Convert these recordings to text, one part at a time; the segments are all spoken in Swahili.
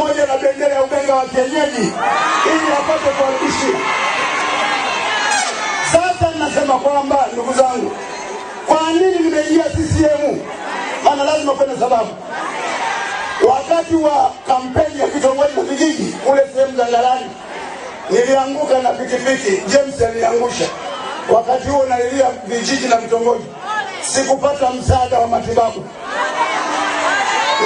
pamoja na bendera ya uganga wa kienyeji ili apate kuarudishia. Sasa ninasema kwamba ndugu zangu, kwa nini nimeingia CCM? Maana lazima kwenda sababu. Wakati wa kampeni ya kitongoji na vijiji kule sehemu za Ngalani nilianguka na pikipiki, James aliangusha Wakati huo nalilia vijiji na vitongoji, sikupata msaada wa matibabu.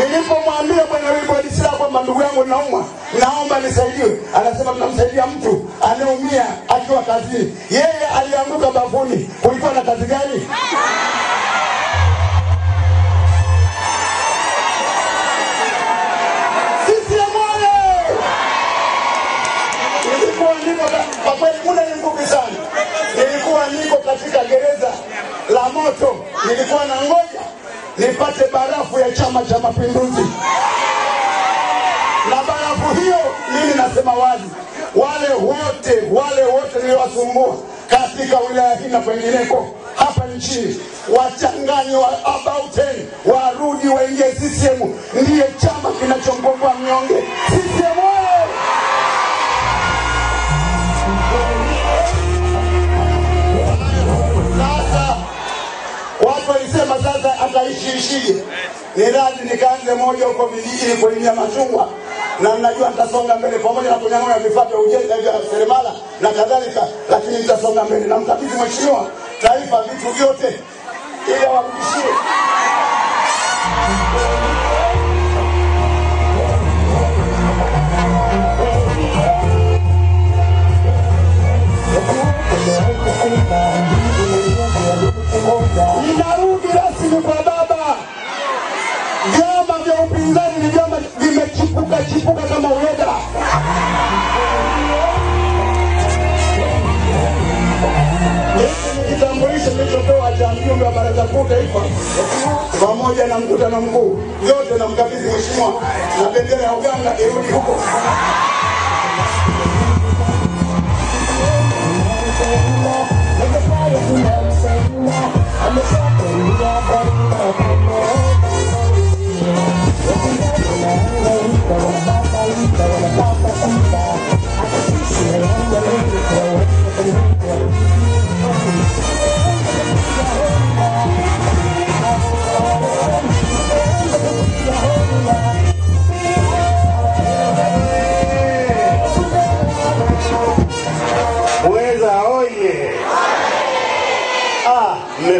Nilipomwambia bwana Wilbrod kwamba ndugu yangu naumwa, naomba nisaidiwe, anasema mnamsaidia mtu anayeumia akiwa kazini, yeye alianguka bafuni. Kulikuwa na kazi gani? Kwa kweli muda ni sana, nilikuwa niko katika gereza la moto, nilikuwa na ngoja nipate barafu ya Chama cha Mapinduzi. Na barafu hiyo, mimi nasema wazi, wale wote wale wote niliwasumbua katika wilaya hii na kwengineko hapa nchini, wachanganywe wa abauteni, warudi waingie CCM, ndiye chama kinachomkomboa mnyonge. nishirishirie iradi nikaanze moja huko vijijini kulimia machungwa na mnajua nitasonga mbele pamoja na kunyang'anya vifaa vya ujenzi vya seremala na kadhalika, lakini nitasonga mbele na mkabidhi mheshimiwa taifa vitu vyote ili awarudishie. Ninarudi rasmi kwa mkuu taifa pamoja na mkutano mkuu yote namkabidhi mheshimiwa, na bendera ya Uganda irudi huko.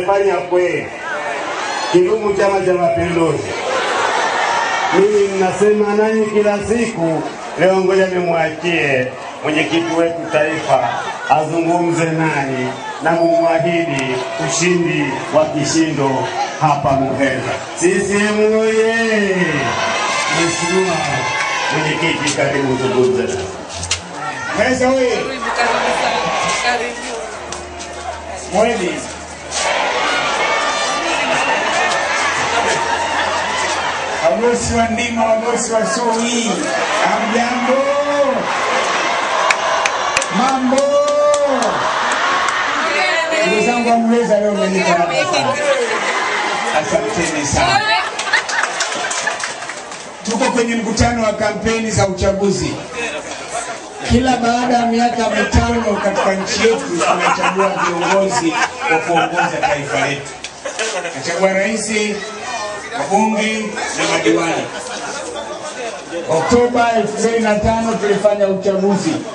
mmefanya kweli. Kidumu Chama cha Mapinduzi! Mimi mnasema nanyi kila siku, leo ngoja nimwachie mwenyekiti wetu taifa azungumze nanyi na mumwahidi ushindi wa kishindo hapa Muheza. CCM oye! Mheshimiwa mwenyekiti, karibu zungumze nasi. Muheza oye! Kweli wagosi wa ndima, wagosi wa sui, amjambo, mambo ndugu zangu wamweza leo mmenipa nafasi, asanteni sana. Tuko kwenye mkutano wa kampeni za uchaguzi. Kila baada ya miaka mitano katika nchi yetu tunachagua viongozi wa kuongoza taifa letu, nachagua rais wabunge na madiwani. Oktoba 2005 tulifanya uchaguzi